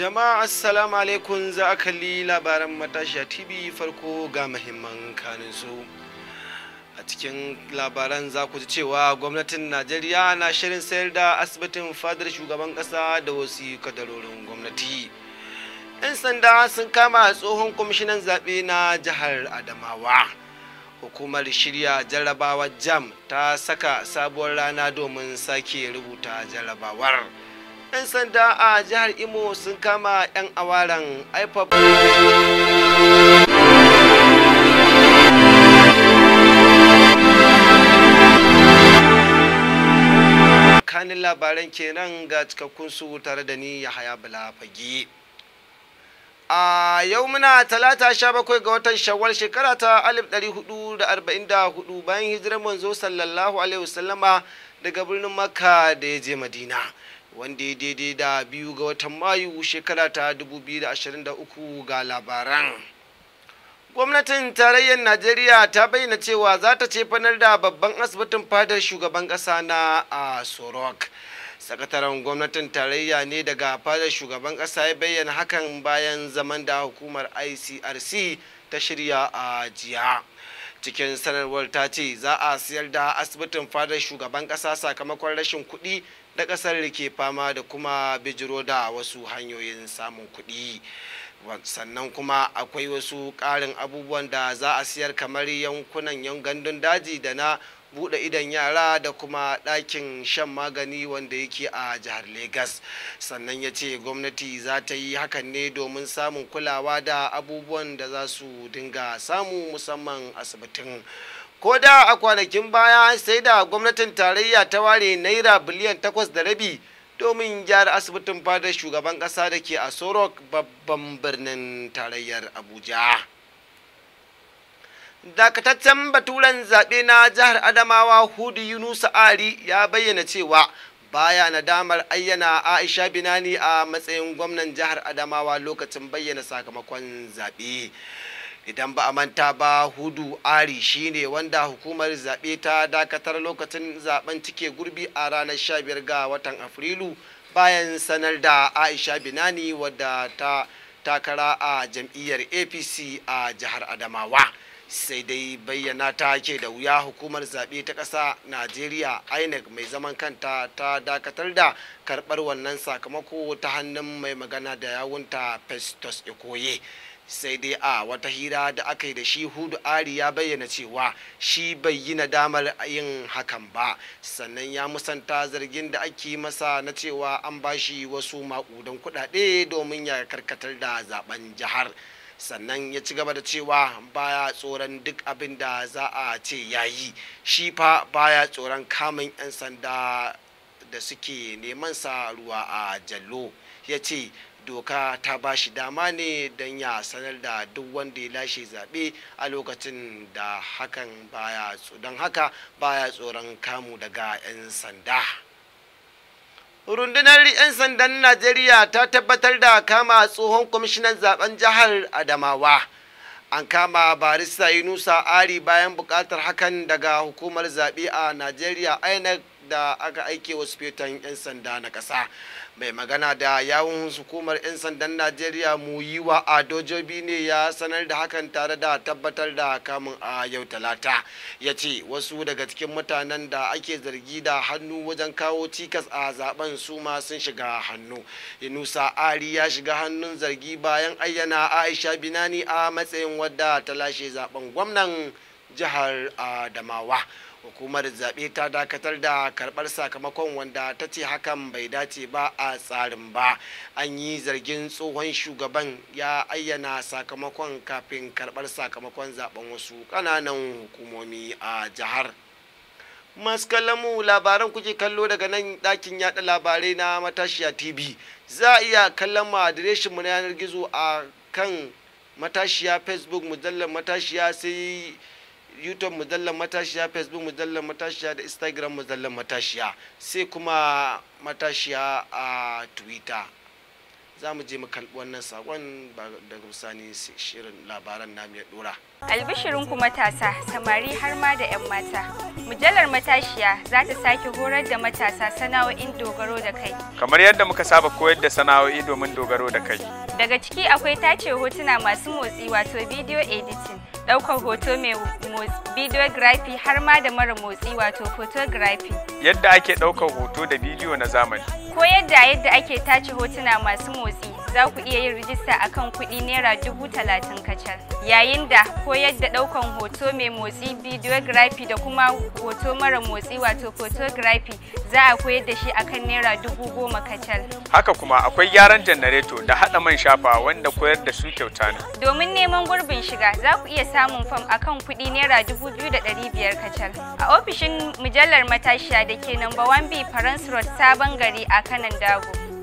jama'a assalamu alaikum za a kalli labaran matashiya tv farko ga muhimman kanin su a cikin labaran za ku ji cewa gwamnatin najeriya na shirin sayar da asibitin fadar shugaban kasa da wasu kadarorin gwamnati 'yan sanda sun kama tsohon kwamishinan zaɓe na jihar adamawa hukumar shirya jarrabawa jam ta saka sabuwar rana domin sake rubuta jarrabawar. 'yan sanda a jihar imo sun kama 'yan awaran ipop kanin labaran kenan ga cikakkun su tare da ni ya haya bala fage a yau muna talata sha bakwai ga watan Shawar shekara ta alif ɗari hudu da arba'in da hudu bayan hijirar manzo sallallahu alaihi wasallama daga birnin makka da ya je madina wanda ya daidai da biyu ga watan mayu shekara ta 2023 ga labaran gwamnatin tarayyar najeriya ta bayyana cewa za ta ce fanar da babban asibitin fadar shugaban Kasa na a sorok sakataren gwamnatin tarayya ne daga fadar shugaban Kasa ya bayyana hakan bayan zaman da hukumar icrc ta shirya a jiya cikin sanarwar ta ce za a siyar da asibitin fadar shugaban kasa sakamakon rashin kuɗi da ƙasar da ke fama da kuma bijiro da wasu hanyoyin samun kuɗi sannan kuma akwai wasu ƙarin abubuwan da za a siyar kamar yankunan yan gandun daji da na buɗe idon yara da kuma ɗakin shan magani wanda yake a jihar Legas. Sannan ya ce gwamnati za ta yi hakan ne domin samun kulawa da abubuwan da za su dinga samu musamman asibitin. Ko da a kwanakin baya sai da gwamnatin tarayya ta ware naira biliyan takwas da rabi domin gyara asibitin fadar shugaban ƙasa da ke a Sorok babban birnin tarayyar Abuja. dakataccen baturan zaɓe na jihar adamawa hudu yunusa ari ya bayyana cewa baya nadamar ayyana aisha binani a matsayin gwamnan jihar adamawa lokacin bayyana sakamakon zaɓe idan ba a manta ba hudu ari shine wanda hukumar zaɓe ta dakatar lokacin zaben cike gurbi a ranar 15 ga watan afrilu bayan sanar da aisha binani wadda ta takara a jam'iyyar apc a jihar adamawa sai dai bayyana ta ke da wuya hukumar zaɓe ta ƙasa najeriya inec mai zaman kanta ta dakatar da karɓar wannan sakamako ta hannun mai magana da yawunta festus ikoye sai dai a wata hira da aka yi da shi hudu ari ya bayyana cewa shi bai yi damar yin hakan ba sannan ya musanta zargin da ake masa na cewa an bashi wasu maƙudan kuɗaɗe domin ya karkatar da zaben jihar. sannan ya ci gaba da cewa baya tsoron duk abin da za a ce yayi shi fa baya tsoron kamun 'yan sanda da suke neman sa ruwa a jallo ya ce doka ta ba shi dama ne don ya sanar da duk wanda ya lashe zaɓe a lokacin da hakan don haka baya tsoron kamu daga 'yan sanda rundunar 'yan sandan najeriya ta tabbatar da kama tsohon kwamishinan zaben jihar adamawa an kama barista yunusa ari bayan bukatar hakan daga hukumar zaɓe a najeriya inec da aka aike wasu fetan 'yan sanda na ƙasa mai magana da yawun hukumar 'yan sandan najeriya mu yi wa adojobi ne ya sanar da hakan tare da tabbatar da kamun a yau talata ya ce wasu daga cikin mutanen da ake zargi da hannu wajen kawo cikas a zaben su ma sun shiga hannu yunusa ari ya shiga hannun zargi bayan ayyana aisha binani a matsayin wadda ta lashe zaben gwamnan jihar adamawa hukumar zaɓe ta dakatar da karɓar sakamakon wanda ta ce hakan bai dace ba a tsarin ba an yi zargin tsohon shugaban ya ayyana sakamakon kafin karɓar sakamakon zaben wasu ƙananan hukumomi a jihar masu mu labaran kuke kallo daga nan ɗakin yada labarai na matashiya tv za a iya kallon mu mu na yanar gizo a kan matashiya facebook mujallar matashiya sai youtube mujallar matashiya facebook mujallar matashiya da instagram mujallar matashiya sai kuma matashiya a twitter za mu je mu kalbi wannan sakon da sani shirin labaran namu ya dora albishirin ku matasa samari har ma da 'yan mata mujallar matashiya za ta sake horar da matasa sana'o'in dogaro da kai kamar yadda muka saba koyar da sana'o'i domin dogaro da kai daga ciki akwai tace hotuna masu motsi wato video editing daukar hoto mai videography har ma da mara motsi wato photography yadda ake daukar hoto da bidiyo na zamani ko yadda yadda ake tace hotuna masu motsi za ku iya yin rijista a kan kuɗi naira dubu talatin kacal yayin da ko yadda daukan hoto mai motsi videography da kuma hoto mara motsi wato photography za a koyar da shi a kan naira dubu goma kacal haka kuma akwai gyaran janareto da haɗa man shafa wanda koyar da su kyauta ne. Domin neman gurbin shiga za ku iya samun fam a kan kuɗi naira dubu biyu da ɗari biyar kacal. A ofishin mujallar matashiya da ke number 1B Faransu Road Sabon Gari a kanan Dago.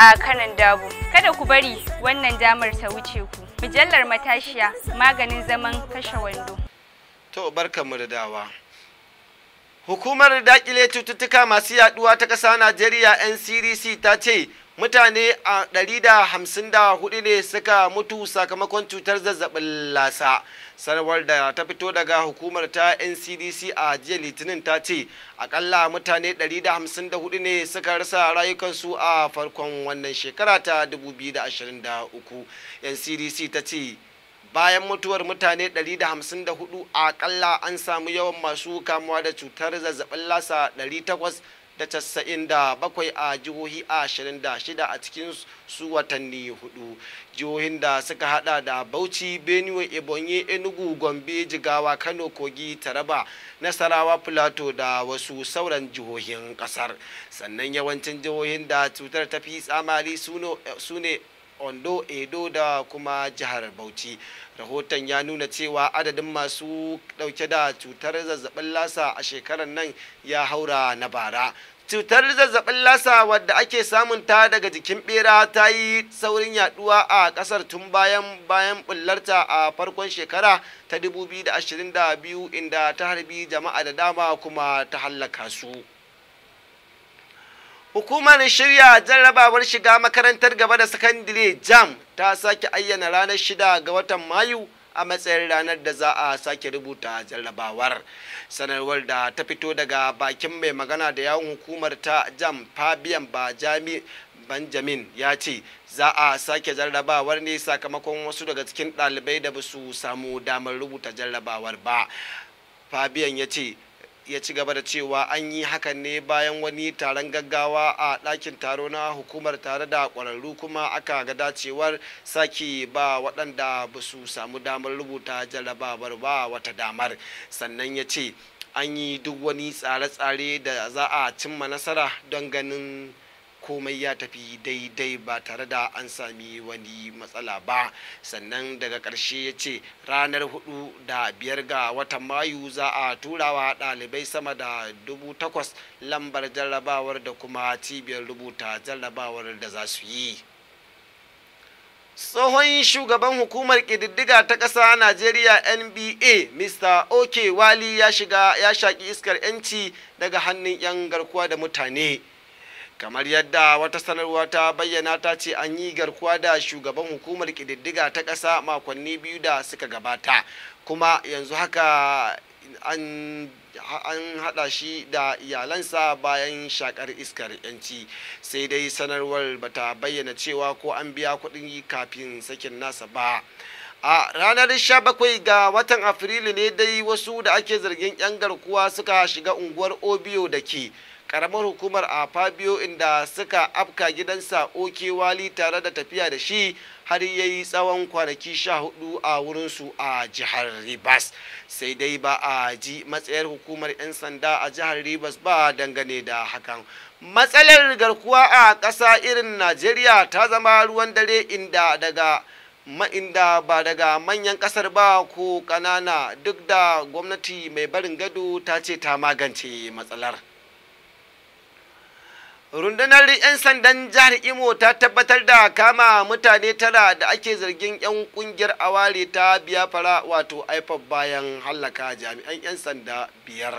a kanan dabu. Kada ku bari wannan damar ta wuce ku. Mujallar matashiya maganin zaman kashe wando. To barkanmu da dawa. Hukumar daƙile cututtuka masu yaduwa ta ƙasa Najeriya NCDC ta ce mutane a hudu ne suka mutu sakamakon cutar zazzabin lasa sanarwar da ta fito daga hukumar ta ncdc a jiya litinin ta ce akalla mutane da da hamsin hudu ne suka rasa rayukansu a farkon wannan shekara ta 2023 ncdc ta ce bayan mutuwar mutane 154 akalla an samu yawan masu kamuwa da cutar zazzabin lasa 800 da casa'in da bakwai a jihohi ashirin da shida a cikin su watanni hudu jihohin da suka hada da bauchi benue ebonyi enugu gombe jigawa kano kogi taraba nasarawa plateau da wasu sauran jihohin kasar sannan yawancin jihohin da cutar ta fi tsamari su ne ondo edo da kuma jihar bauchi rahoton ya nuna cewa adadin masu dauke da cutar zazzabin lasa a shekarar nan ya haura na bara cutar zazzabin lasa wadda ake samun ta daga jikin bera ta yi saurin yaduwa a kasar tun bayan bayan bullarta a farkon shekara ta 2022 inda ta harbi jama'a da dama kuma ta hallaka su hukumar shirya jarrabawar shiga makarantar gaba da sakandire jam ta sake ayyana ranar shida ga watan mayu a matsayin ranar da za a sake rubuta jarrabawar sanarwar da ta fito daga bakin mai magana da yawon hukumar ta jam fabian bajami Benjamin ya ce za a sake jarrabawar ne sakamakon wasu daga cikin ɗalibai da ba su samu damar rubuta jarrabawar ba. Fabian ya ce ya ci gaba da cewa an yi hakan ne bayan wani taron gaggawa a ɗakin taro na hukumar tare da ƙwararru kuma aka ga dacewar sake ba waɗanda ba su samu damar rubuta jarrabawar ba wata damar sannan ya ce an yi duk wani tsare-tsare da za a cimma nasara don ganin komai ya tafi daidai ba tare da an sami wani matsala ba sannan daga ƙarshe ya ce ranar hudu da biyar ga watan mayu za a turawa ɗalibai sama da dubu takwas lambar jarrabawar da kuma cibiyar rubuta jarrabawar da za su yi tsohon shugaban hukumar ƙididdiga ta ƙasa najeriya nba mr ok wali ya shiga ya shaƙi iskar 'yanci daga hannun 'yan garkuwa da mutane kamar yadda wata sanarwa ta bayyana ta ce an yi garkuwa da shugaban hukumar ƙididdiga ta ƙasa makonni biyu da suka gabata kuma yanzu haka an an hada shi da iyalansa bayan shakar iskar yanci sai dai sanarwar bata bayyana cewa ko an biya kuɗin kafin sakin nasa ba a ranar 17 ga watan afrilu ne dai wasu da ake zargin 'yan garkuwa suka shiga unguwar obio da ke karamar hukumar a fabio inda suka afka gidansa oke wali tare da tafiya da shi har ya yi tsawon kwanaki sha hudu a wurinsu a jihar ribas sai dai ba a ji matsayar hukumar 'yan sanda a jihar ribas ba dangane da hakan matsalar garkuwa a ƙasa irin najeriya ta zama ruwan dare inda daga ma'inda ba daga manyan kasar ba ko kanana duk da gwamnati mai barin gado ta ce ta magance matsalar. rundunar 'yan sandan jihar imo ta tabbatar da kama mutane tara da ake zargin 'yan kungiyar aware ta biyafara wato ipob bayan hallaka jami'an 'yan sanda biyar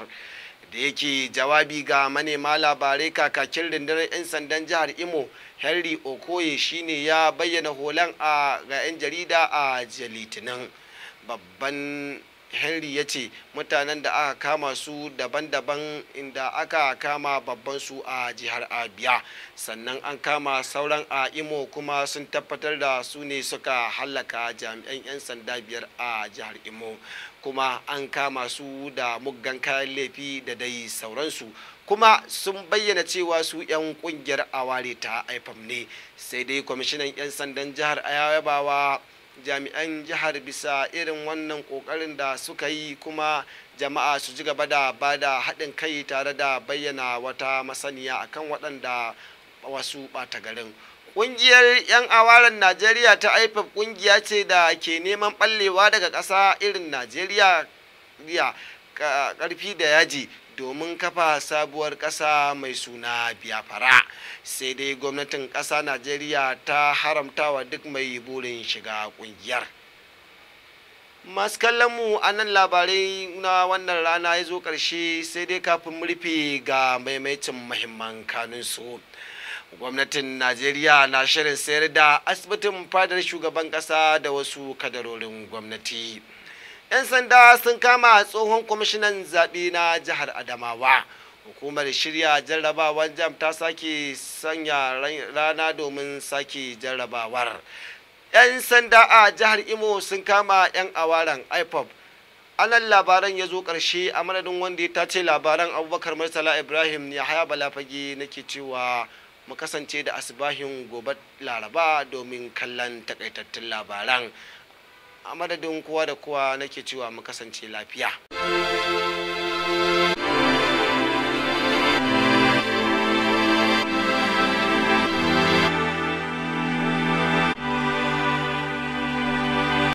da yake jawabi ga manema labarai kakakin rundunar 'yan sandan jihar imo henry okoye shine ya bayyana holan a ga 'yan jarida a litinin babban henry ya ce mutanen da aka kama su daban-daban inda aka kama babban su a jihar abia sannan an kama sauran a imo kuma sun tabbatar da su ne suka hallaka jami'an 'yan sanda biyar a jihar imo kuma an kama su da muggan kayan laifi da dai sauransu kuma sun bayyana cewa su 'yan kungiyar aware ta aifam ne sai dai kwamishinan 'yan sandan jihar ayabawa jami'an jihar bisa irin wannan kokarin da suka yi kuma jama'a su ji gaba da bada da haɗin kai tare da bayyana wata masaniya akan waɗanda wasu ɓata garin Ƙungiyar 'yan awaren Najeriya ta IFAB ƙungiya ce da ke neman ɓallewa daga ƙasa irin Najeriya ƙarfi da yaji domin kafa sabuwar ƙasa mai suna biyafara, sai dai gwamnatin ƙasa najeriya ta haramtawa duk mai burin shiga ƙungiyar masu kallon mu a nan labarai na wannan rana ya zo ƙarshe sai dai kafin rufe ga maimaitin mahimman kanunsu gwamnatin najeriya na shirin sayar da asibitin fadar shugaban ƙasa da wasu kadarorin gwamnati. 'yan sanda sun kama tsohon kwamishinan zaɓe na jihar adamawa hukumar shirya jarrabawar jam ta sake sanya rana domin sake jarrabawar 'yan sanda a jihar imo sun kama 'yan awaran ipop anan labaran ya zo ƙarshe a madadin wanda ya tace labaran abubakar murtala ibrahim ya haya balafage nake cewa mu kasance da asibahin gobe laraba domin kallon takaitattun labaran a madadin kowa da kowa nake cewa mu kasance lafiya